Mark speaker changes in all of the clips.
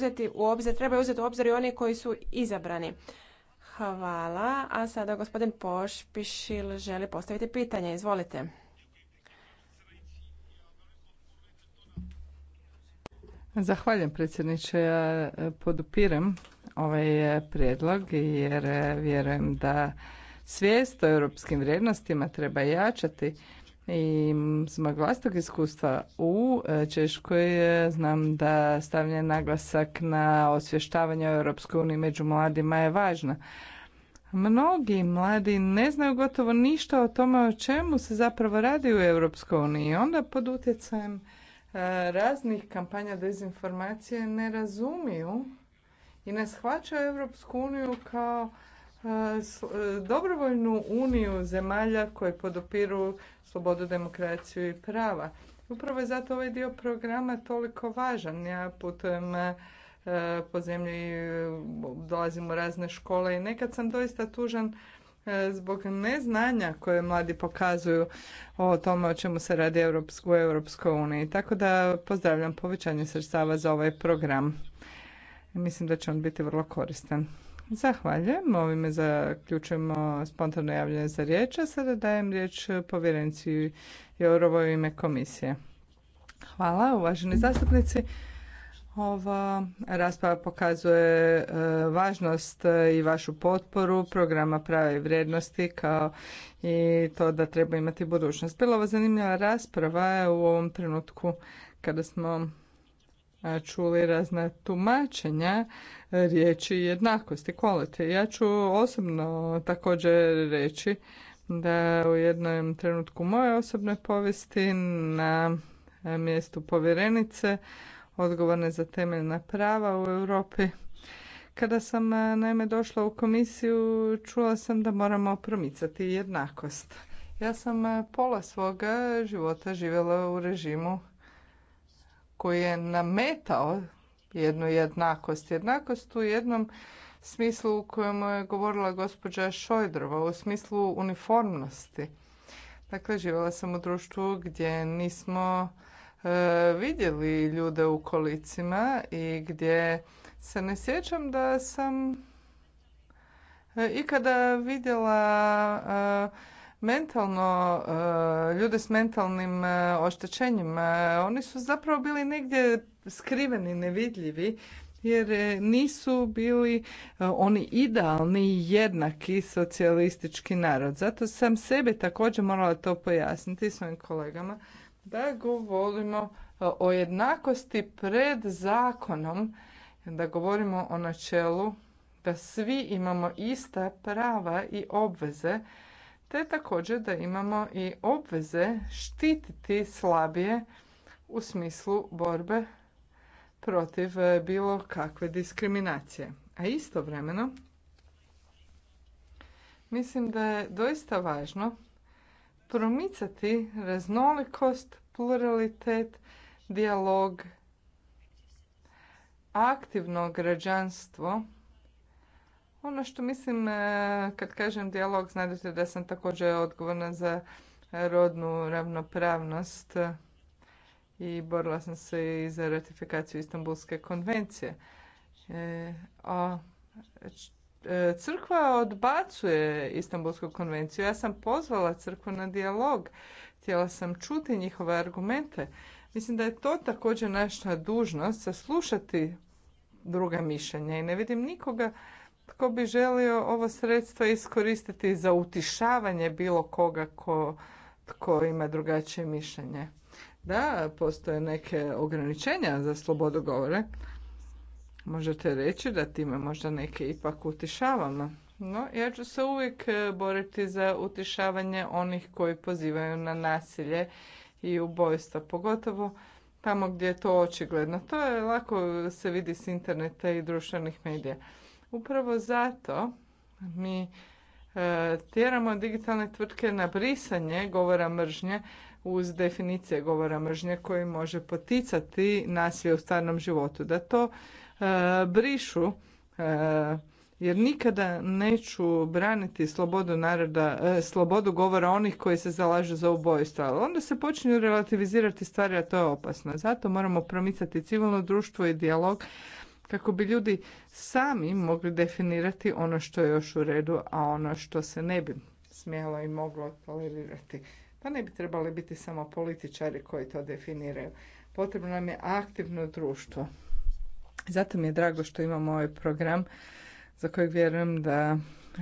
Speaker 1: uzeti u obzir, treba uzeti u obzir i oni koji su izabrani. Hvala. A sada gospodin Pošpišil želi postaviti pitanje. Izvolite.
Speaker 2: Zahvaljujem predsjedniče. Ja e, podupiram ovaj e, prijedlog jer e, vjerujem da svijest o europskim vrijednostima treba jačati i zbog vlastnog iskustva u e, Češkoj znam da stavljanje naglasak na osvještavanje o Europskoj uniji među mladima je važna. Mnogi mladi ne znaju gotovo ništa o tome o čemu se zapravo radi u Europskoj uniji. Onda pod utjecajem e, raznih kampanja dezinformacije ne razumiju i ne shvaćaju Europsku uniju kao E, dobrovoljnu uniju zemalja koje podopiru slobodu, demokraciju i prava. Upravo je zato ovaj dio programa toliko važan. Ja putujem e, po zemlji, e, dolazim u razne škole i nekad sam doista tužan zbog neznanja koje mladi pokazuju o tome o čemu se radi u Europskoj uniji. Tako da pozdravljam povećanje sredstava za ovaj program. Mislim da će on biti vrlo koristan. Zahvaljujem. Ovime zaključujemo spontano javljanje za riječ, a sada dajem riječ povjerenici Jourovoj u ime komisije. Hvala, uvaženi zastupnici. Ova rasprava pokazuje e, važnost e, i vašu potporu programa prave vrijednosti kao i to da treba imati budućnost. Bila ovo zanimljiva rasprava e, u ovom trenutku kada smo čuli razna tumačenja riječi jednakosti, quality. Ja ću osobno također reći da u jednom trenutku moje osobne povijesti na mjestu povjerenice odgovorne za temeljna prava u Europi. Kada sam naime došla u komisiju, čula sam da moramo promicati jednakost. Ja sam pola svoga života živjela u režimu koji je nametao jednu jednakost. Jednakost u jednom smislu u kojem je govorila gospođa Šojdrova, u smislu uniformnosti. Dakle, živjela sam u društvu gdje nismo e, vidjeli ljude u kolicima i gdje se ne sjećam da sam e, ikada vidjela e, mentalno, e, ljude s mentalnim e, oštećenjima, e, oni su zapravo bili negdje skriveni, nevidljivi, jer nisu bili oni idealni jednaki socijalistički narod. Zato sam sebi također morala to pojasniti svojim kolegama da govorimo o jednakosti pred zakonom, da govorimo o načelu da svi imamo ista prava i obveze te također da imamo i obveze štititi slabije u smislu borbe protiv e, bilo kakve diskriminacije. A istovremeno mislim da je doista važno promicati raznolikost, pluralitet, dijalog, aktivno građanstvo ono što mislim e, kad kažem dijalog, znate da sam također odgovorna za rodnu ravnopravnost e, i borila sam se i za ratifikaciju Istanbulske konvencije. E, crkva odbacuje Istanbulsku konvenciju. Ja sam pozvala crkvu na dijalog. Htjela sam čuti njihove argumente. Mislim da je to također naša dužnost saslušati druga mišljenja i ne vidim nikoga tko bi želio ovo sredstvo iskoristiti za utišavanje bilo koga ko, tko ima drugačije mišljenje. Da, postoje neke ograničenja za slobodu govore. Možete reći da time možda neke ipak utišavamo. No, ja ću se uvijek e, boriti za utišavanje onih koji pozivaju na nasilje i ubojstva, pogotovo tamo gdje je to očigledno. To je lako se vidi s interneta i društvenih medija. Upravo zato mi e, tjeramo digitalne tvrtke na brisanje govora mržnje uz definicije govora mržnje koji može poticati nasilje u stvarnom životu. Da to e, brišu e, jer nikada neću braniti slobodu naroda, slobodu govora onih koji se zalažu za ubojstvo. ali onda se počinju relativizirati stvari, a to je opasno. Zato moramo promicati civilno društvo i dijalog, kako bi ljudi sami mogli definirati ono što je još u redu, a ono što se ne bi smjelo i moglo tolerirati. Pa ne bi trebali biti samo političari koji to definiraju. Potrebno nam je aktivno društvo. Zato mi je drago što imamo ovaj program za kojeg vjerujem da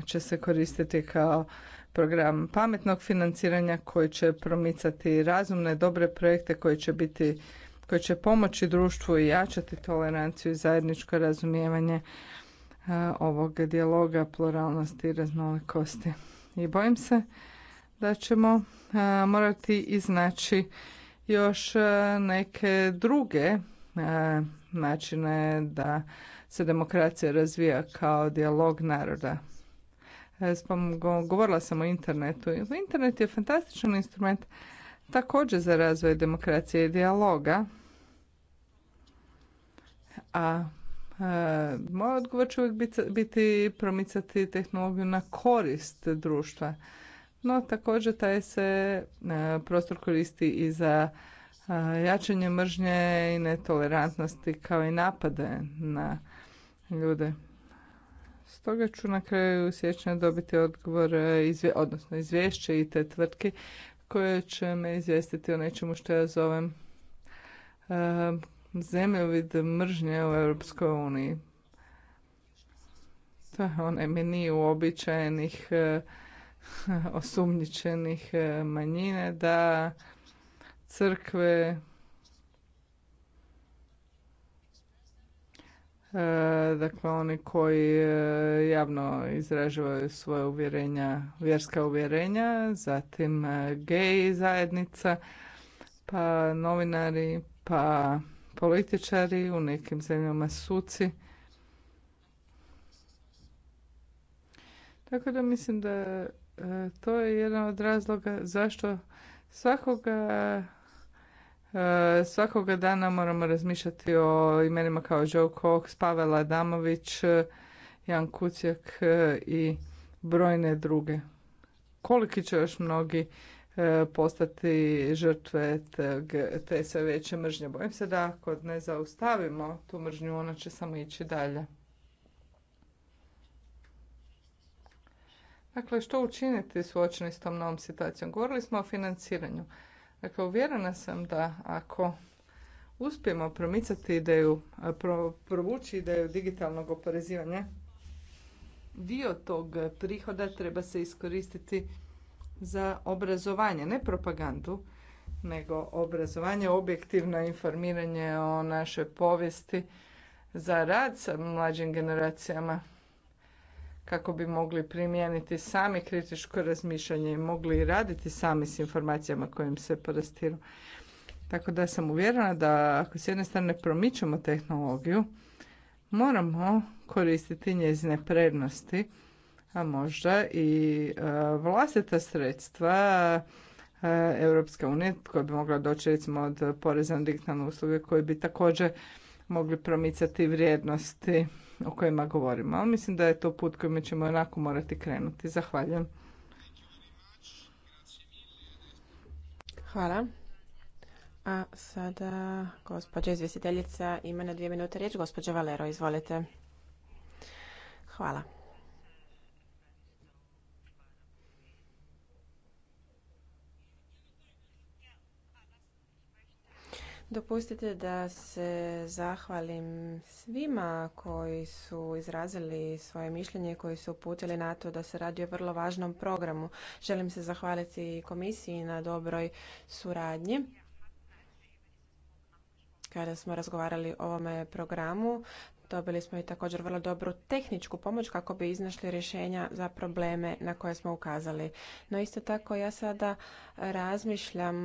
Speaker 2: će se koristiti kao program pametnog financiranja koji će promicati razumne, dobre projekte koji će biti koji će pomoći društvu i jačati toleranciju i zajedničko razumijevanje e, ovog dijaloga, pluralnosti i raznolikosti. I bojim se da ćemo e, morati iznaći još e, neke druge načine da se demokracija razvija kao dijalog naroda. Govorila sam o internetu. Internet je fantastičan instrument također za razvoj demokracije i dijaloga a e, moj odgovor će uvijek biti promicati tehnologiju na korist društva. No također taj se e, prostor koristi i za e, jačanje mržnje i netolerantnosti kao i napade na ljude. Stoga ću na kraju sjećanja dobiti odgovor, e, odnosno izvješće i te tvrtke koje će me izvijestiti o nečemu što ja zovem e, zemljovid mržnje u Europskoj uniji. To je onaj meni uobičajenih e, osumnjičenih e, manjine da crkve e, dakle oni koji javno izražavaju svoje uvjerenja, vjerska uvjerenja, zatim gej zajednica, pa novinari, pa političari, u nekim zemljama suci. Tako da mislim da e, to je jedan od razloga zašto svakoga e, svakoga dana moramo razmišljati o imenima kao Joe Cox, Pavel Adamović, e, Jan Kucijak i brojne druge. Koliki će još mnogi E, postati žrtve te sve veće mržnje. Bojim se da ako ne zaustavimo tu mržnju, ona će samo ići dalje. Dakle, što učiniti suočeni s tom novom situacijom? Govorili smo o financiranju. Dakle, uvjerena sam da ako uspijemo promicati ideju, provući ideju digitalnog oporezivanja, dio tog prihoda treba se iskoristiti za obrazovanje, ne propagandu, nego obrazovanje, objektivno informiranje o našoj povijesti za rad sa mlađim generacijama kako bi mogli primijeniti sami kritičko razmišljanje i mogli raditi sami s informacijama kojim se podastiru. Tako da sam uvjerena da ako s jedne strane promičemo tehnologiju, moramo koristiti njezine prednosti a možda i e, vlastita sredstva e, Europske unije koja bi mogla doći recimo od poreza na digitalne usluge koji bi također mogli promicati vrijednosti o kojima govorimo. Ali mislim da je to put kojim ćemo onako morati krenuti. Zahvaljujem.
Speaker 1: Hvala. A sada gospođa izvjestiteljica ima na dvije minute riječ. Gospođa Valero, izvolite. Hvala. Dopustite da se zahvalim svima koji su izrazili svoje mišljenje, koji su uputili na to da se radi o vrlo važnom programu. Želim se zahvaliti komisiji na dobroj suradnji. Kada smo razgovarali o ovome programu, Dobili smo i također vrlo dobru tehničku pomoć kako bi iznašli rješenja za probleme na koje smo ukazali. No isto tako ja sada razmišljam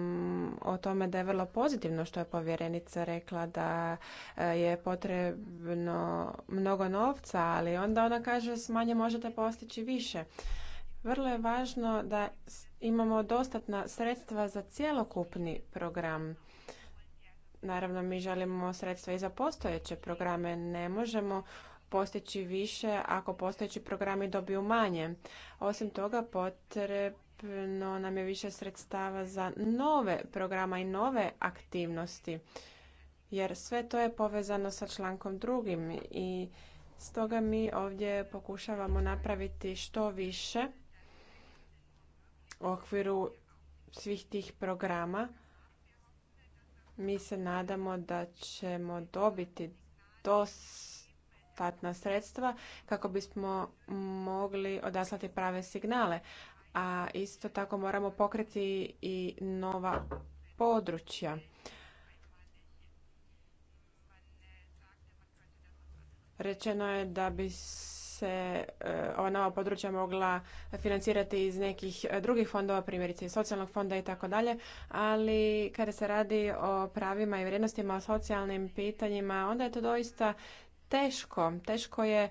Speaker 1: o tome da je vrlo pozitivno što je povjerenica rekla da e, je potrebno mnogo novca, ali onda ona kaže s manje možete postići više. Vrlo je važno da imamo dostatna sredstva za cjelokupni program Naravno, mi želimo sredstva i za postojeće programe. Ne možemo postići više ako postojeći programi dobiju manje. Osim toga, potrebno nam je više sredstava za nove programa i nove aktivnosti. Jer sve to je povezano sa člankom drugim i stoga mi ovdje pokušavamo napraviti što više u okviru svih tih programa mi se nadamo da ćemo dobiti dostatna sredstva kako bismo mogli odaslati prave signale, a isto tako moramo pokriti i nova područja. Rečeno je da bi se e, ova nova područja mogla financirati iz nekih e, drugih fondova, primjerice iz socijalnog fonda i tako dalje, ali kada se radi o pravima i vrijednostima, o socijalnim pitanjima, onda je to doista teško. Teško je e,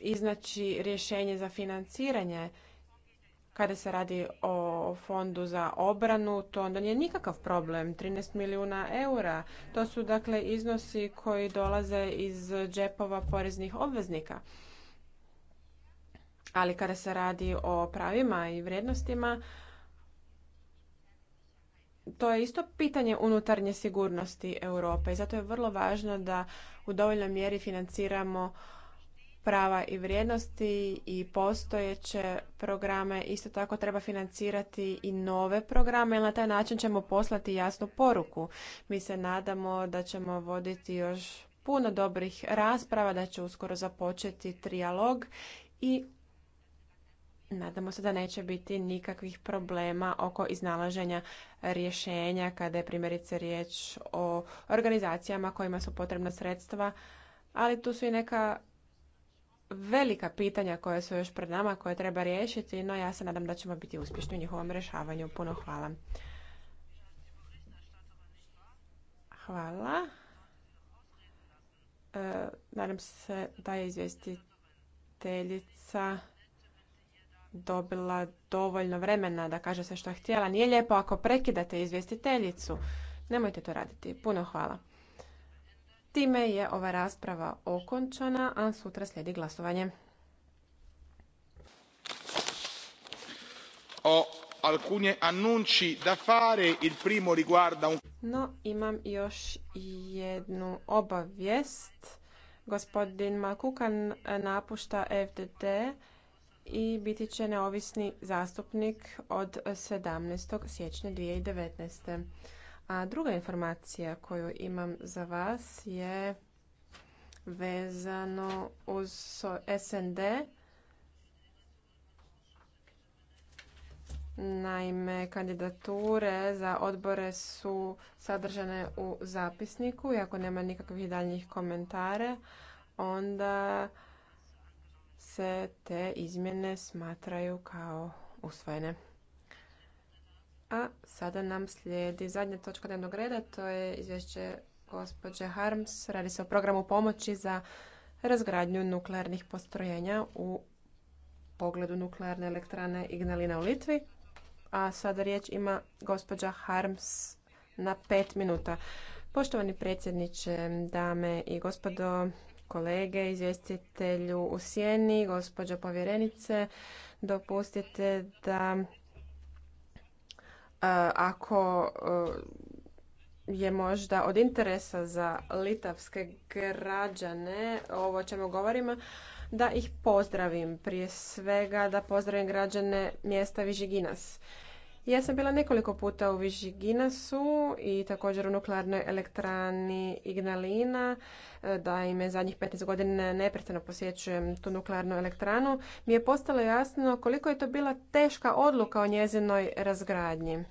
Speaker 1: iznaći rješenje za financiranje kada se radi o fondu za obranu, to onda nije nikakav problem. 13 milijuna eura. To su dakle iznosi koji dolaze iz džepova poreznih obveznika. Ali kada se radi o pravima i vrijednostima, to je isto pitanje unutarnje sigurnosti Europe i zato je vrlo važno da u dovoljnoj mjeri financiramo prava i vrijednosti i postojeće programe isto tako treba financirati i nove programe jer na taj način ćemo poslati jasnu poruku mi se nadamo da ćemo voditi još puno dobrih rasprava da će uskoro započeti trijalog i nadamo se da neće biti nikakvih problema oko iznalaženja rješenja kada je primjerice riječ o organizacijama kojima su potrebna sredstva ali tu su i neka velika pitanja koja su još pred nama koje treba riješiti, no ja se nadam da ćemo biti uspješni u njihovom rješavanju. Puno hvala. Hvala. E, nadam se da je izvjestiteljica dobila dovoljno vremena da kaže sve što je htjela. Nije lijepo ako prekidate izvjestiteljicu. Nemojte to raditi. Puno hvala. Time je ova rasprava okončana, a sutra slijedi glasovanje.
Speaker 3: o alcuni annunci da fare, il primo riguarda un...
Speaker 1: No, imam još jednu obavijest. Gospodin Makukan napušta FDD i biti će neovisni zastupnik od 17. siječnja 2019. A druga informacija koju imam za vas je vezano uz SND. Naime, kandidature za odbore su sadržane u zapisniku i ako nema nikakvih daljnjih komentara, onda se te izmjene smatraju kao usvojene. A sada nam slijedi zadnja točka dnevnog reda, to je izvješće gospođe Harms. Radi se o programu pomoći za razgradnju nuklearnih postrojenja u pogledu nuklearne elektrane Ignalina u Litvi. A sada riječ ima gospođa Harms na pet minuta. Poštovani predsjedniče, dame i gospodo, kolege, izvjestitelju u sjeni, gospođo povjerenice, dopustite da E, ako e, je možda od interesa za litavske građane ovo o čemu govorimo da ih pozdravim prije svega da pozdravim građane mjesta Vižiginas ja sam bila nekoliko puta u Vižiginasu i također u nuklearnoj elektrani Ignalina, e, da ime zadnjih 15 godina neprestano posjećujem tu nuklearnu elektranu, mi je postalo jasno koliko je to bila teška odluka o njezinoj razgradnji.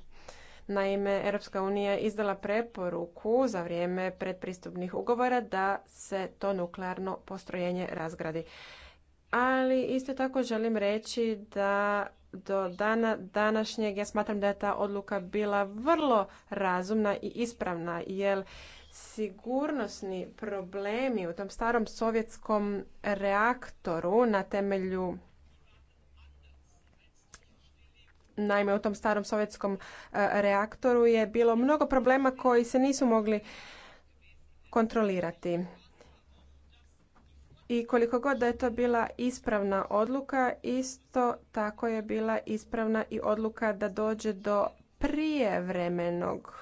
Speaker 1: Naime, Europska unija je izdala preporuku za vrijeme predpristupnih ugovora da se to nuklearno postrojenje razgradi. Ali isto tako želim reći da do dana današnjeg ja smatram da je ta odluka bila vrlo razumna i ispravna jer sigurnosni problemi u tom starom sovjetskom reaktoru na temelju naime u tom starom sovjetskom e, reaktoru je bilo mnogo problema koji se nisu mogli kontrolirati i koliko god da je to bila ispravna odluka, isto tako je bila ispravna i odluka da dođe do prijevremenog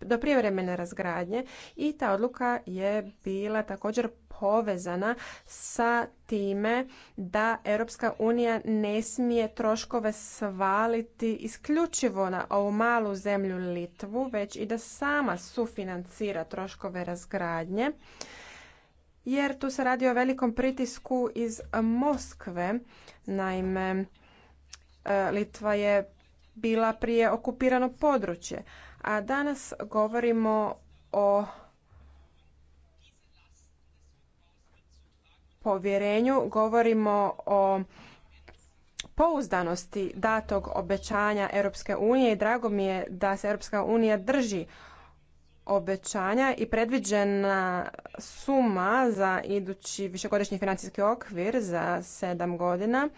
Speaker 1: do prijevremene razgradnje i ta odluka je bila također povezana sa time da Europska unija ne smije troškove svaliti isključivo na ovu malu zemlju Litvu, već i da sama sufinancira troškove razgradnje jer tu se radi o velikom pritisku iz Moskve. Naime, e, Litva je bila prije okupirano područje, a danas govorimo o povjerenju, govorimo o pouzdanosti datog obećanja Europske unije i drago mi je da se Europska unija drži obećanja i predviđena suma za idući višegodišnji financijski okvir za sedam godina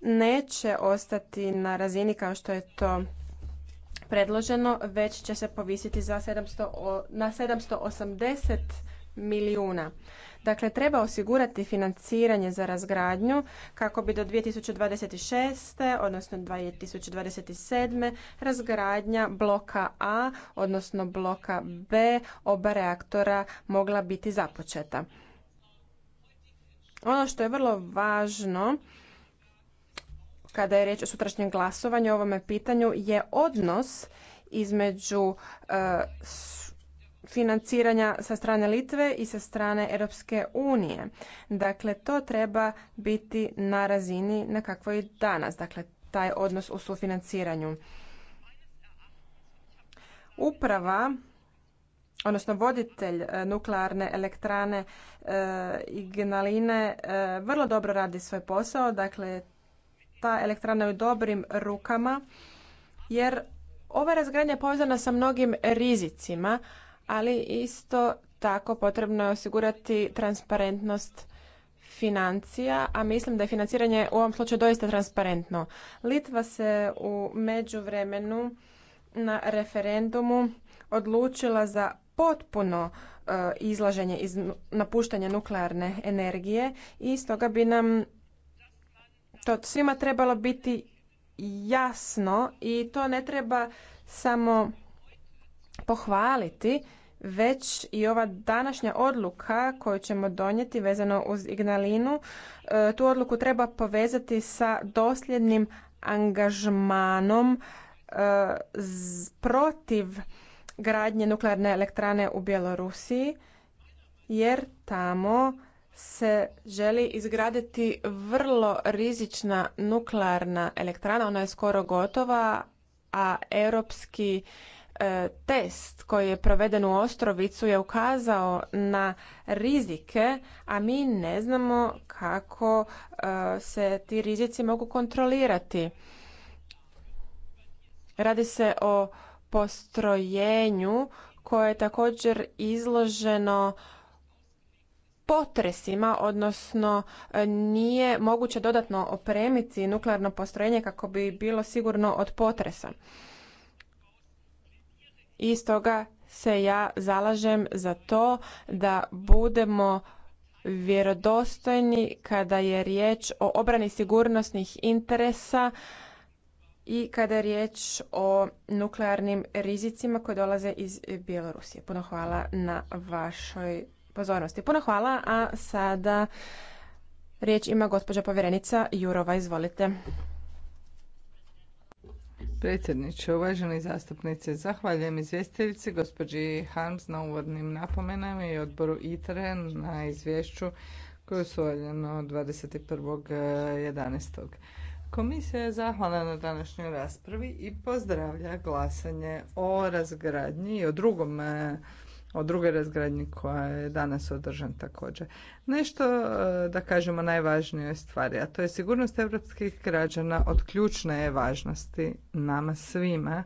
Speaker 1: neće ostati na razini kao što je to predloženo, već će se povisiti za 700, na 780 milijuna. Dakle, treba osigurati financiranje za razgradnju kako bi do 2026. odnosno 2027. razgradnja bloka A odnosno bloka B oba reaktora mogla biti započeta. Ono što je vrlo važno kada je riječ o sutrašnjem glasovanju o ovome pitanju je odnos između e, financiranja sa strane Litve i sa strane Europske unije. Dakle, to treba biti na razini na kakvoj je danas, dakle taj odnos u sufinanciranju. Uprava odnosno voditelj e, nuklearne elektrane e, i Ignaline e, vrlo dobro radi svoj posao, dakle ta elektrana je u dobrim rukama jer ova razgradnja je povezana sa mnogim rizicima, ali isto tako potrebno je osigurati transparentnost financija, a mislim da je financiranje u ovom slučaju doista transparentno. Litva se u međuvremenu na referendumu odlučila za potpuno e, izlaženje iz napuštanje nuklearne energije i stoga bi nam to svima trebalo biti jasno i to ne treba samo pohvaliti već i ova današnja odluka koju ćemo donijeti vezano uz Ignalinu, e, tu odluku treba povezati sa dosljednim angažmanom e, protiv gradnje nuklearne elektrane u Bjelorusiji jer tamo se želi izgraditi vrlo rizična nuklearna elektrana, ona je skoro gotova, a europski E, test koji je proveden u Ostrovicu je ukazao na rizike, a mi ne znamo kako e, se ti rizici mogu kontrolirati. Radi se o postrojenju koje je također izloženo potresima, odnosno e, nije moguće dodatno opremiti nuklearno postrojenje kako bi bilo sigurno od potresa i stoga se ja zalažem za to da budemo vjerodostojni kada je riječ o obrani sigurnosnih interesa i kada je riječ o nuklearnim rizicima koji dolaze iz Bjelorusije. Puno hvala na vašoj pozornosti. Puno hvala, a sada riječ ima gospođa povjerenica Jurova. Izvolite predsjedniče, uvaženi zastupnici,
Speaker 2: zahvaljujem izvjestiteljici gospođi Harms na uvodnim napomenama i odboru ITRE na izvješću koje je usvojeno 21.11. Komisija je zahvalna na današnjoj raspravi i pozdravlja glasanje o razgradnji i o drugom o drugoj razgradnji koja je danas održan također. Nešto e, da kažemo najvažnije stvari, a to je sigurnost europskih građana od ključne je važnosti nama svima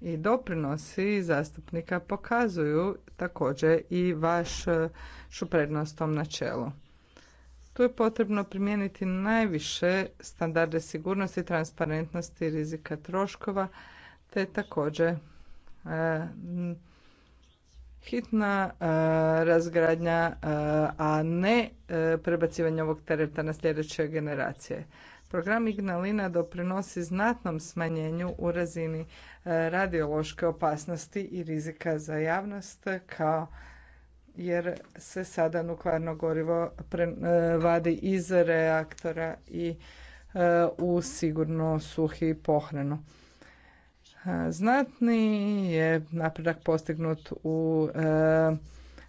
Speaker 2: i doprinosi zastupnika pokazuju također i e, vašu prednost tom načelu. Tu je potrebno primijeniti najviše standarde sigurnosti, transparentnosti, rizika troškova, te također e, hitna e, razgradnja, e, a ne e, prebacivanje ovog tereta na sljedeće generacije. Program Ignalina doprinosi znatnom smanjenju u razini radiološke opasnosti i rizika za javnost kao jer se sada nuklearno gorivo pre, vadi iz reaktora i u sigurno suhi pohranu. Znatni je napredak postignut u e,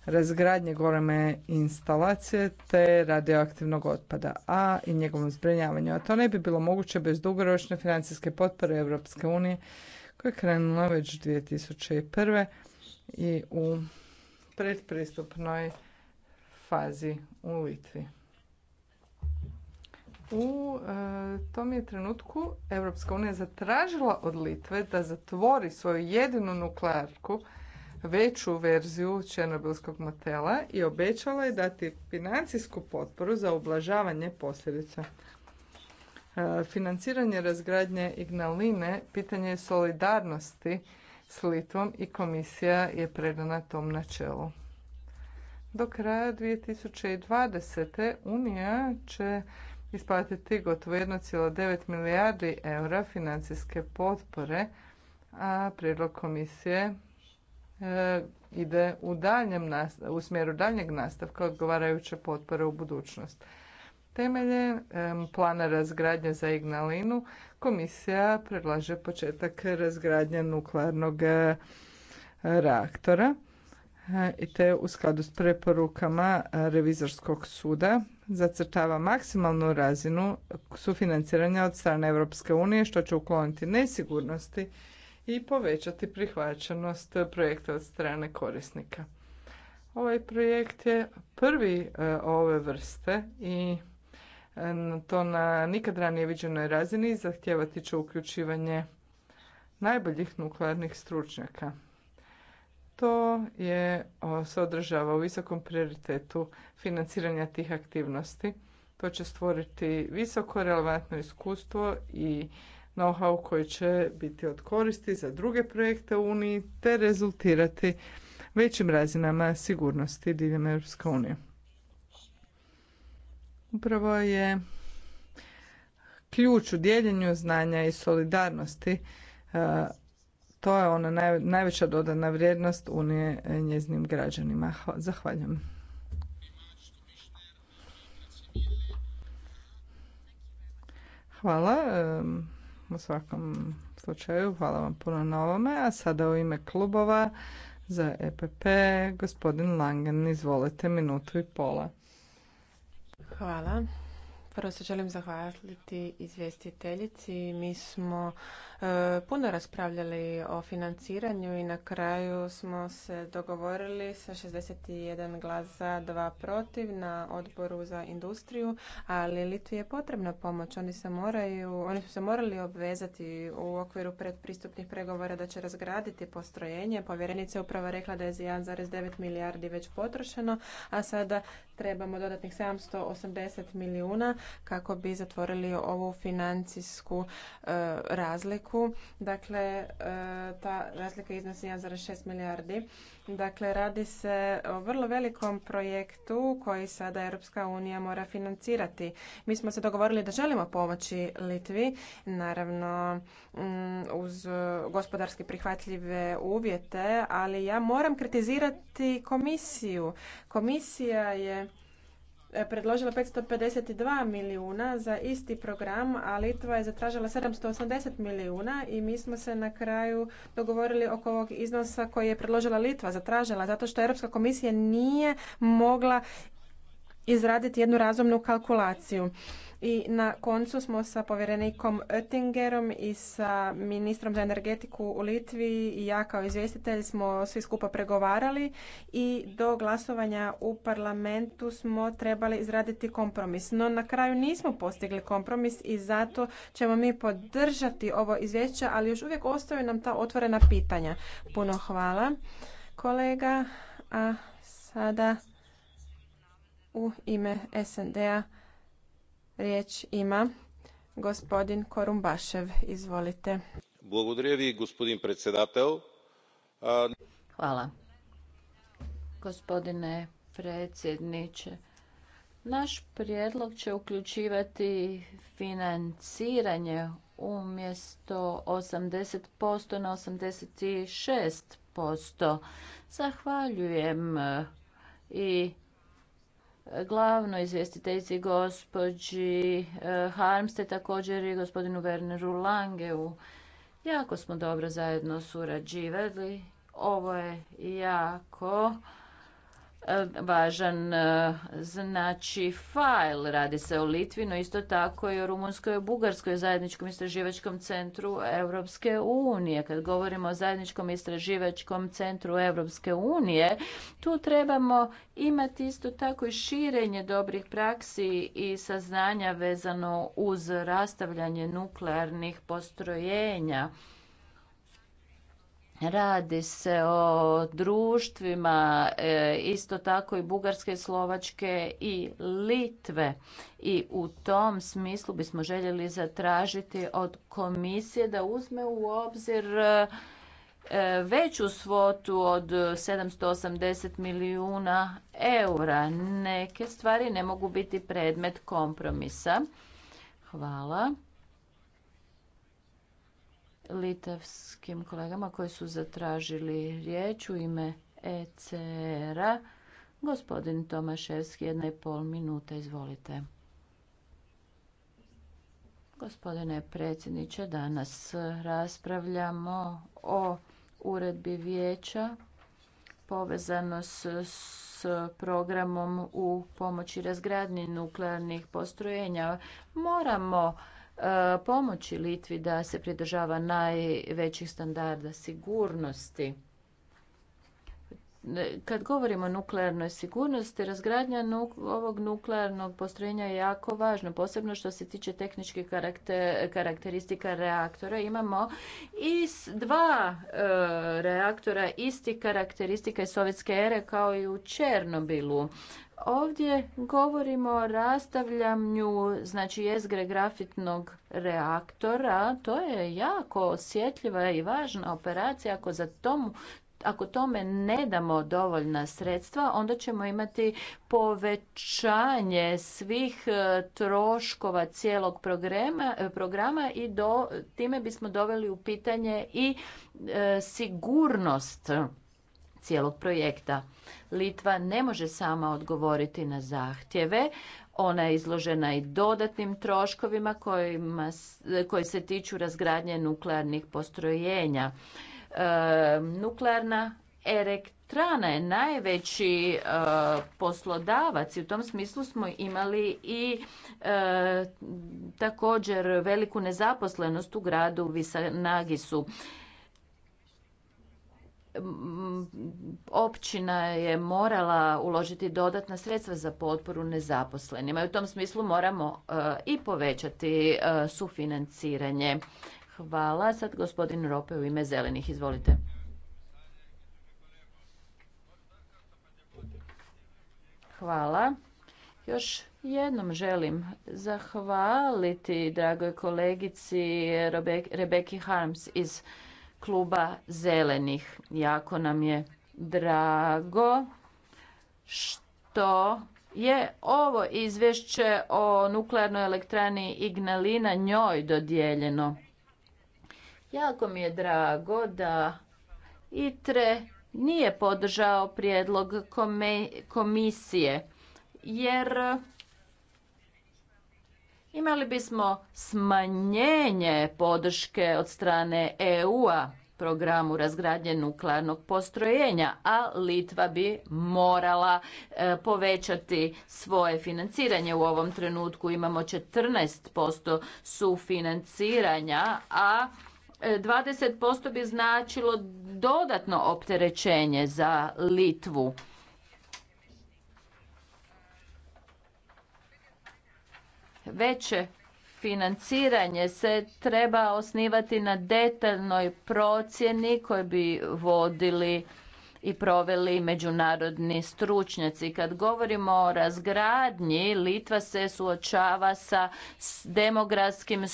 Speaker 2: razgradnje goreme instalacije te radioaktivnog otpada, a i njegovom zbrinjavanju. A to ne bi bilo moguće bez dugoročne financijske potpore Europske unije koja je krenula već 2001. i u predpristupnoj fazi u Litvi u e, tom je trenutku Europska unija zatražila od Litve da zatvori svoju jedinu nuklearku, veću verziju Černobilskog motela i obećala je dati financijsku potporu za ublažavanje posljedica. E, financiranje razgradnje Ignaline pitanje je solidarnosti s Litvom i komisija je predana tom načelu. Do kraja 2020. Unija će isplatiti gotovo 1,9 milijardi eura financijske potpore, a prijedlog komisije e, ide u, u smjeru daljnjeg nastavka odgovarajuće potpore u budućnost. Temeljem plana razgradnje za Ignalinu komisija predlaže početak razgradnje nuklearnog e, reaktora e, i te u skladu s preporukama revizorskog suda zacrtava maksimalnu razinu sufinanciranja od strane Europske unije što će ukloniti nesigurnosti i povećati prihvaćenost projekta od strane korisnika. Ovaj projekt je prvi e, ove vrste i e, to na nikad ranije viđenoj razini zahtijevati će uključivanje najboljih nuklearnih stručnjaka to je, se održava u visokom prioritetu financiranja tih aktivnosti. To će stvoriti visoko relevantno iskustvo i know-how koji će biti od koristi za druge projekte u Uniji te rezultirati većim razinama sigurnosti diljem Europske unije. Upravo je ključ u dijeljenju znanja i solidarnosti to je ona najveća dodana vrijednost Unije njeznim građanima. Zahvaljujem. Hvala. U svakom slučaju, hvala vam puno na ovome. A sada u ime klubova za EPP, gospodin Langen, izvolite minutu i pola.
Speaker 1: Hvala. Prvo se želim zahvaliti izvjestiteljici. Mi smo e, puno raspravljali o financiranju i na kraju smo se dogovorili sa 61 glas za, dva protiv na odboru za industriju, ali Litvi je potrebna pomoć. Oni, se moraju, oni su se morali obvezati u okviru predpristupnih pregovora da će razgraditi postrojenje. Povjerenica je upravo rekla da je za 1,9 milijardi već potrošeno, a sada trebamo dodatnih 780 milijuna kako bi zatvorili ovu financijsku e, razliku. Dakle, e, ta razlika iznosi 1,6 milijardi. Dakle, radi se o vrlo velikom projektu koji sada Europska unija mora financirati. Mi smo se dogovorili da želimo pomoći Litvi, naravno mm, uz gospodarski prihvatljive uvjete, ali ja moram kritizirati komisiju. Komisija je E, predložila 552 milijuna za isti program, a Litva je zatražila 780 milijuna i mi smo se na kraju dogovorili oko ovog iznosa koji je predložila Litva, zatražila, zato što Europska komisija nije mogla izraditi jednu razumnu kalkulaciju. I na koncu smo sa povjerenikom Oettingerom i sa ministrom za energetiku u Litvi i ja kao izvjestitelj smo svi skupa pregovarali i do glasovanja u parlamentu smo trebali izraditi kompromis. No na kraju nismo postigli kompromis i zato ćemo mi podržati ovo izvješće, ali još uvijek ostaju nam ta otvorena pitanja. Puno hvala kolega, a sada u ime SND-a Riječ ima gospodin Korumbašev. Izvolite.
Speaker 2: gospodin predsjedatel.
Speaker 1: Hvala. Gospodine
Speaker 3: predsjedniče, naš prijedlog će uključivati financiranje umjesto 80% na 86%. Zahvaljujem e, i glavnoj izvjestiteljici gospođi e, Harmste, također i gospodinu Werneru Langeu. Jako smo dobro zajedno surađivali. Ovo je jako E, važan e, znači fail. Radi se o Litvi, no isto tako i o Rumunskoj i Bugarskoj zajedničkom istraživačkom centru Europske unije. Kad govorimo o zajedničkom istraživačkom centru Europske unije, tu trebamo imati isto tako i širenje dobrih praksi i saznanja vezano uz rastavljanje nuklearnih postrojenja. Radi se o društvima e, isto tako i Bugarske, Slovačke i Litve i u tom smislu bismo željeli zatražiti od komisije da uzme u obzir e, veću svotu od 780 milijuna eura. Neke stvari ne mogu biti predmet kompromisa. Hvala litavskim kolegama koji su zatražili riječ u ime ECR-a. Gospodin Tomaševski, jedna i pol minuta, izvolite. Gospodine predsjedniče, danas raspravljamo o uredbi vijeća povezano s, s programom u pomoći razgradnji nuklearnih postrojenja. Moramo E, pomoći Litvi da se pridržava najvećih standarda sigurnosti. E, kad govorimo o nuklearnoj sigurnosti, razgradnja ovog nuklearnog postrojenja je jako važna, posebno što se tiče tehničkih karakteristika reaktora. Imamo i dva e, reaktora istih karakteristika iz sovjetske ere kao i u Černobilu. Ovdje govorimo o rastavljanju znači jezgre grafitnog reaktora. To je jako osjetljiva i važna operacija. Ako za tomu ako tome ne damo dovoljna sredstva, onda ćemo imati povećanje svih e, troškova cijelog programa, e, programa i do, time bismo doveli u pitanje i e, sigurnost cijelog projekta. Litva ne može sama odgovoriti na zahtjeve, ona je izložena i dodatnim troškovima koji se tiču razgradnje nuklearnih postrojenja. E, nuklearna elektrana je najveći e, poslodavac i u tom smislu smo imali i e, također veliku nezaposlenost u gradu Visanagisu. Mm, općina je morala uložiti dodatna sredstva za potporu nezaposlenima i u tom smislu moramo eh, i povećati eh, sufinanciranje. Hvala. Sad gospodin Rope u ime zelenih. Izvolite. Hvala. Još jednom želim zahvaliti dragoj kolegici Rebeki Harms iz kluba zelenih. Jako nam je drago što je ovo izvješće o nuklearnoj elektrani Ignalina njoj dodijeljeno. Jako mi je drago da ITRE nije podržao prijedlog komisije jer imali bismo smanjenje podrške od strane EU-a programu razgradnje nuklearnog postrojenja, a Litva bi morala e, povećati svoje financiranje. U ovom trenutku imamo 14% sufinanciranja, a 20% e, bi značilo dodatno opterećenje za Litvu. veće financiranje se treba osnivati na detaljnoj procjeni koju bi vodili i proveli međunarodni stručnjaci. Kad govorimo o razgradnji, Litva se suočava sa demografskim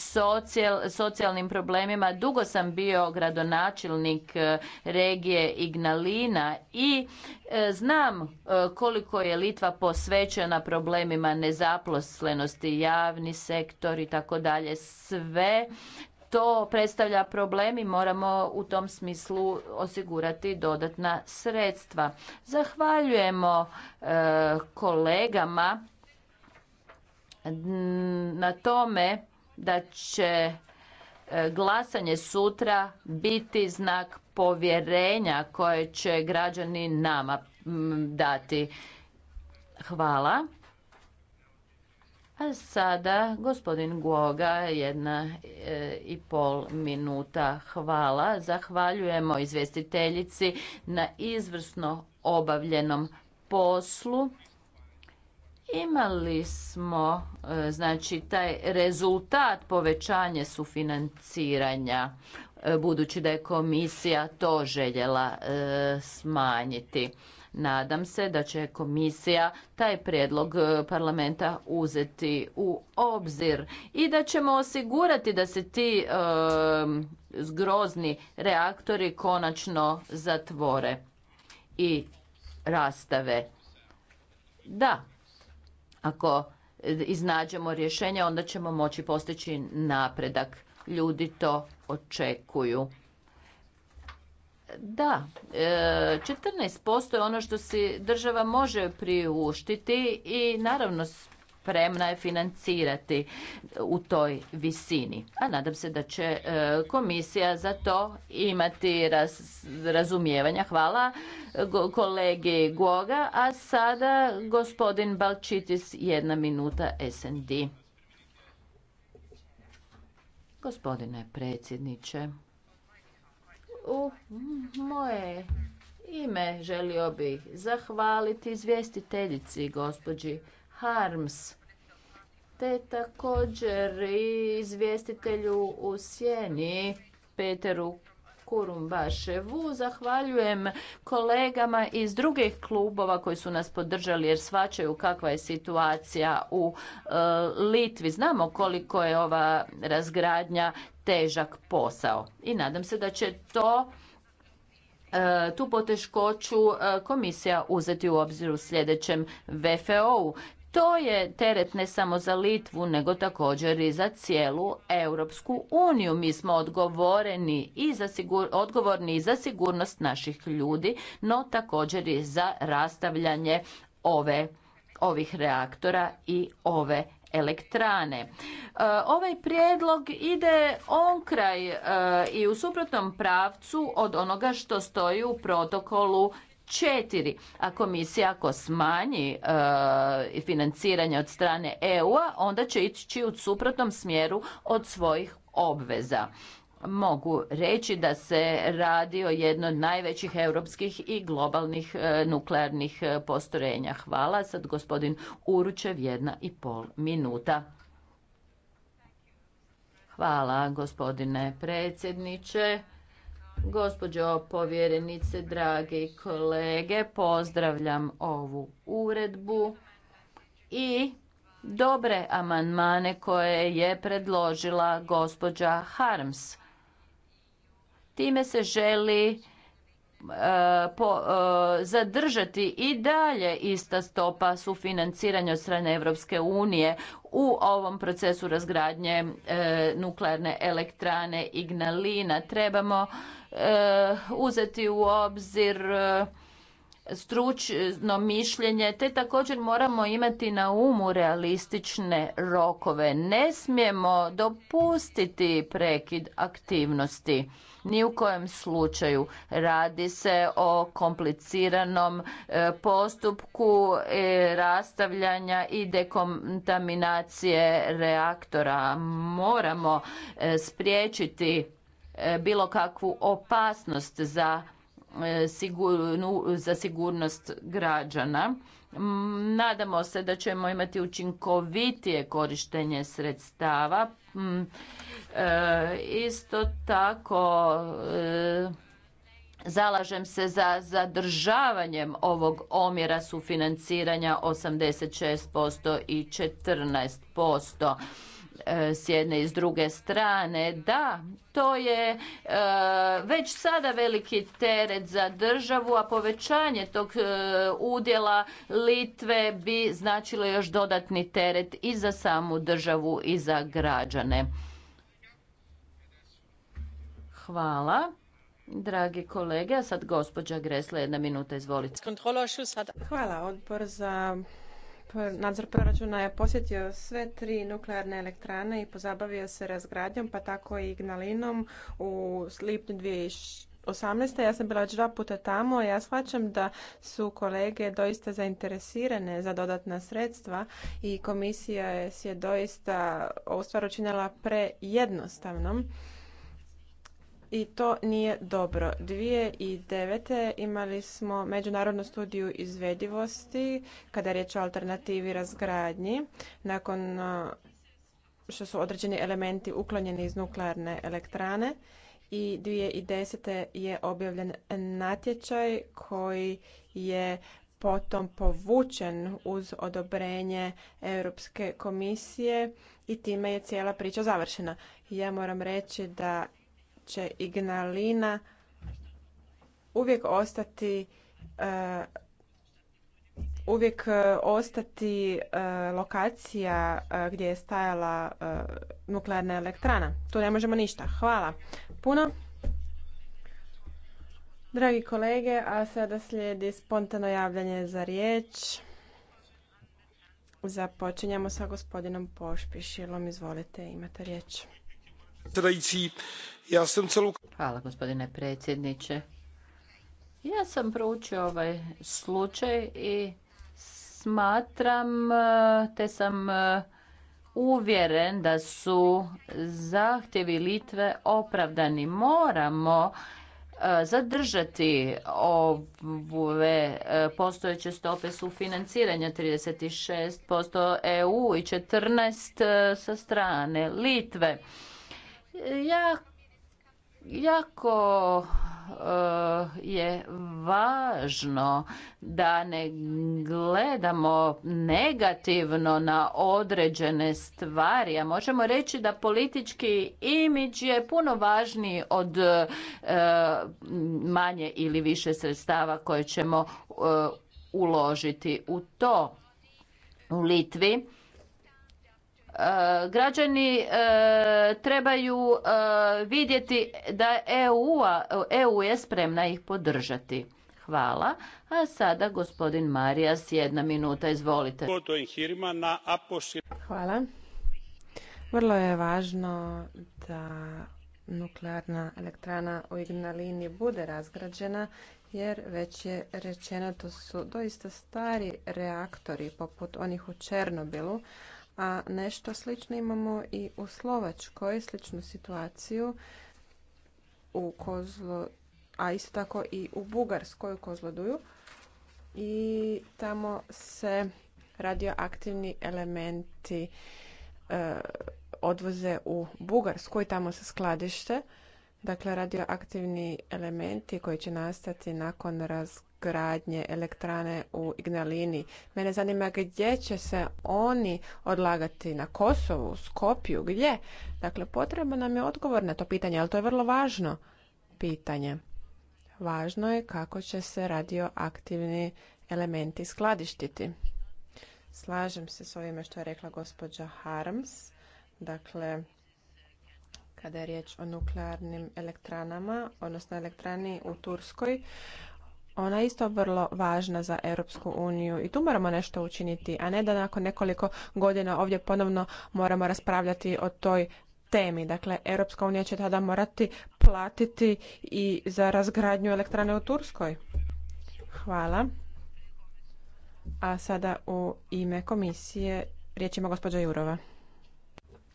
Speaker 3: socijalnim problemima. Dugo sam bio gradonačelnik e, regije Ignalina i e, znam e, koliko je Litva posvećena problemima nezaposlenosti, javni sektor i tako dalje. Sve to predstavlja problem i moramo u tom smislu osigurati dodatna sredstva. Zahvaljujemo e, kolegama na tome da će e, glasanje sutra biti znak povjerenja koje će građani nama dati. Hvala. A sada gospodin Guoga, jedna e, i pol minuta. Hvala. Zahvaljujemo izvjestiteljici na izvrsno obavljenom poslu. Imali smo e, znači taj rezultat povećanje sufinanciranja e, budući da je komisija to željela smanjiti. Nadam se da će komisija taj prijedlog e, parlamenta uzeti u obzir i da ćemo osigurati da se ti e, zgrozni reaktori konačno zatvore i rastave. Da, ako iznađemo rješenje, onda ćemo moći postići napredak. Ljudi to očekuju. Da, 14% e, je ono što si država može priuštiti i naravno spremna je financirati u toj visini. A nadam se da će e, komisija za to imati razumijevanja. Hvala kolegi Goga. A sada gospodin Balčitis, jedna minuta SND. Gospodine predsjedniče. U moje ime želio bih zahvaliti izvjestiteljici gospođi Harms te također i izvjestitelju u sjeni Peteru Kurumbaševu. Zahvaljujem kolegama iz drugih klubova koji su nas podržali jer svačaju kakva je situacija u e, Litvi. Znamo koliko je ova razgradnja težak posao i nadam se da će to e, tu poteškoću e, komisija uzeti u obzir u sljedećem VFO-u. To je teret ne samo za Litvu, nego također i za cijelu Europsku uniju. Mi smo odgovoreni i za odgovorni i za sigurnost naših ljudi, no također i za rastavljanje ove, ovih reaktora i ove elektrane. E, ovaj prijedlog ide on kraj e, i u suprotnom pravcu od onoga što stoji u protokolu četiri. A komisija ako smanji e, financiranje od strane EU-a, onda će ići u suprotnom smjeru od svojih obveza mogu reći da se radi o jednoj od najvećih europskih i globalnih e, nuklearnih e, postrojenja. Hvala. Sad gospodin Uručev, jedna i pol minuta. Hvala gospodine predsjedniče. Gospođo povjerenice, dragi kolege, pozdravljam ovu uredbu i dobre amandmane koje je predložila gospođa Harms Time se želi e, e, zadržati i dalje ista stopa sufinanciranja od strane Europske unije u ovom procesu razgradnje e, nuklearne elektrane Ignalina. Trebamo uzeti u obzir stručno mišljenje, te također moramo imati na umu realistične rokove. Ne smijemo dopustiti prekid aktivnosti. Ni u kojem slučaju radi se o kompliciranom e, postupku e, rastavljanja i dekontaminacije reaktora. Moramo e, spriječiti bilo kakvu opasnost za E, za sigurnost građana. Nadamo se da ćemo imati učinkovitije korištenje sredstava. E, isto tako e, zalažem se za zadržavanjem ovog omjera sufinanciranja 86% i 14%. E, s jedne i s druge strane. Da, to je e, već sada veliki teret za državu, a povećanje tog e, udjela Litve bi značilo još dodatni teret i za samu državu i za građane. Hvala. Dragi kolege, a sad gospođa Gresla, jedna minuta, izvolite.
Speaker 1: Hvala, odbor za nadzor proračuna je posjetio sve tri nuklearne elektrane i pozabavio se razgradnjom, pa tako i gnalinom u lipnju 2018. Ja sam bila već dva puta tamo, ja shvaćam da su kolege doista zainteresirane za dodatna sredstva i komisija je doista ovu stvar učinila prejednostavnom i to nije dobro. 2009. imali smo međunarodnu studiju izvedivosti kada je riječ o alternativi razgradnji nakon što su određeni elementi uklonjeni iz nuklearne elektrane i 2010. je objavljen natječaj koji je potom povučen uz odobrenje Europske komisije i time je cijela priča završena. Ja moram reći da će Ignalina uvijek ostati e, uvijek e, ostati e, lokacija gdje je stajala nuklearna elektrana. Tu ne možemo ništa. Hvala puno. Dragi kolege, a sada slijedi spontano javljanje za riječ. Započinjemo sa gospodinom Pošpišilom. Izvolite, imate riječ.
Speaker 3: Hvala gospodine predsjedniče. Ja sam proučio ovaj slučaj i smatram te sam e, uvjeren da su zahtjevi Litve opravdani. Moramo e, zadržati ove e, postojeće stope su sufinanciranja 36% EU i 14% sa strane Litve. Ja, jako eh, je važno da ne gledamo negativno na određene stvari, a možemo reći da politički imidž je puno važniji od eh, manje ili više sredstava koje ćemo eh, uložiti u to. U Litvi Eh, građani eh, trebaju eh, vidjeti da EU, e EU je spremna ih podržati. Hvala. A sada gospodin Marijas, jedna minuta, izvolite.
Speaker 1: Hvala. Vrlo je važno da nuklearna elektrana u Ignalini bude razgrađena jer već je rečeno to su doista stari reaktori poput onih u Černobilu a nešto slično imamo i u Slovačkoj, sličnu situaciju u a isto tako i u Bugarskoj u Kozloduju i tamo se radioaktivni elementi e, odvoze u Bugarskoj, tamo se skladište. Dakle, radioaktivni elementi koji će nastati nakon raz izgradnje elektrane u Ignalini. Mene zanima gdje će se oni odlagati na Kosovu, Skopju, gdje? Dakle, potreban nam je odgovor na to pitanje, ali to je vrlo važno pitanje. Važno je kako će se radioaktivni elementi skladištiti. Slažem se s ovime što je rekla gospođa Harms. Dakle, kada je riječ o nuklearnim elektranama, odnosno elektrani u Turskoj, ona je isto vrlo važna za Europsku uniju i tu moramo nešto učiniti, a ne da nakon nekoliko godina ovdje ponovno moramo raspravljati o toj temi. Dakle, Europska unija će tada morati platiti i za razgradnju elektrane u Turskoj. Hvala. A sada u ime komisije riječ ima gospođa Jurova.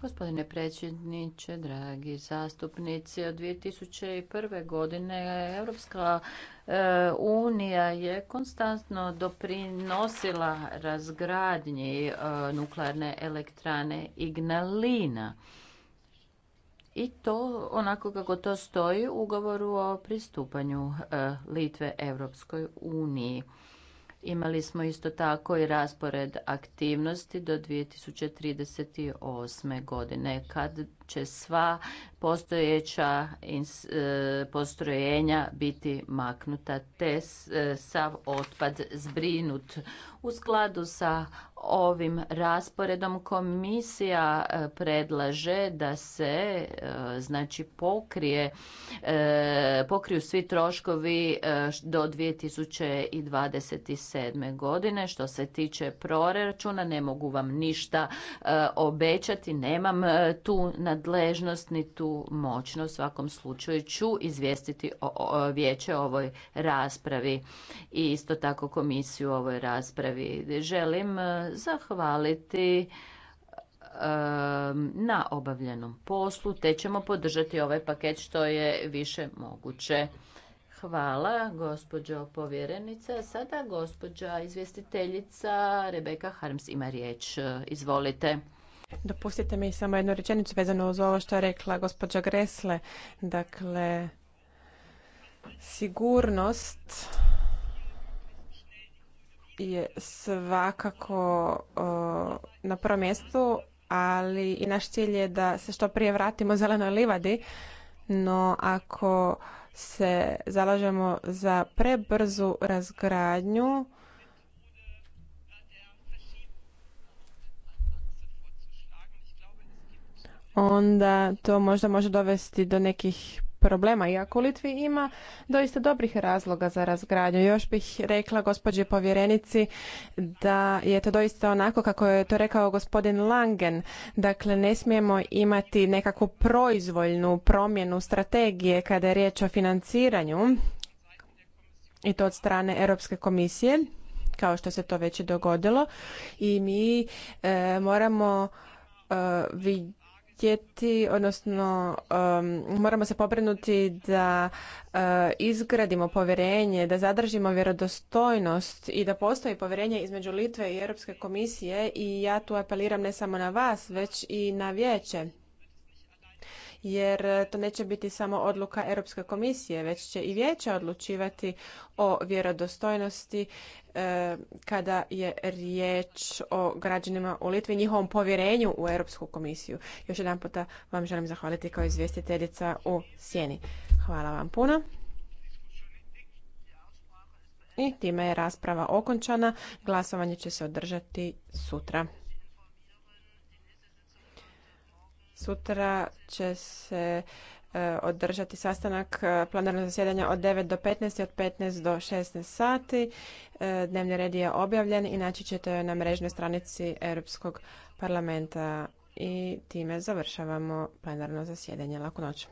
Speaker 1: Gospodine predsjedniče,
Speaker 3: dragi zastupnici, od 2001. godine Europska e, unija je konstantno doprinosila razgradnji e, nuklearne elektrane Ignalina. I to onako kako to stoji u ugovoru o pristupanju e, Litve Europskoj uniji. Imali smo isto tako i raspored aktivnosti do 2038. godine kad će sva postojeća e, postrojenja biti maknuta te e, sav otpad zbrinut. U skladu sa ovim rasporedom komisija e, predlaže da se znači pokrije pokriju svi troškovi do 2027. godine što se tiče proračuna ne mogu vam ništa obećati nemam tu na nadležnost ni tu moćnost u svakom slučaju ću izvijestiti o, vijeće o ovoj raspravi i isto tako komisiju o ovoj raspravi. Želim e, zahvaliti e, na obavljenom poslu, te ćemo podržati ovaj paket što je više moguće. Hvala, gospođo povjerenica. Sada gospođa izvjestiteljica Rebeka
Speaker 1: Harms ima riječ. Izvolite. Dopustite mi samo jednu rečenicu vezano uz ovo što je rekla gospođa Gresle. Dakle, sigurnost je svakako na prvom mjestu, ali i naš cilj je da se što prije vratimo zelenoj livadi, no ako se zalažemo za prebrzu razgradnju, onda to možda može dovesti do nekih problema, iako u Litvi ima doista dobrih razloga za razgradnju. Još bih rekla gospođi povjerenici da je to doista onako kako je to rekao gospodin Langen. Dakle, ne smijemo imati nekakvu proizvoljnu promjenu strategije kada je riječ o financiranju i to od strane Europske komisije kao što se to već i dogodilo i mi e, moramo e, vidjeti htjeti, odnosno um, moramo se pobrinuti da uh, izgradimo povjerenje, da zadržimo vjerodostojnost i da postoji povjerenje između Litve i Europske komisije i ja tu apeliram ne samo na vas, već i na vijeće jer to neće biti samo odluka Europske komisije, već će i vijeće odlučivati o vjerodostojnosti e, kada je riječ o građanima u Litvi, njihovom povjerenju u Europsku komisiju. Još jedan puta vam želim zahvaliti kao izvjestiteljica u Sjeni. Hvala vam puno. I time je rasprava okončana. Glasovanje će se održati sutra. Sutra će se e, održati sastanak e, planarnog zasjedanja od 9 do 15 i od 15 do 16 sati. E, dnevni red je objavljen i naći ćete na mrežnoj stranici Europskog parlamenta i time završavamo plenarno zasjedanje. Laku noć.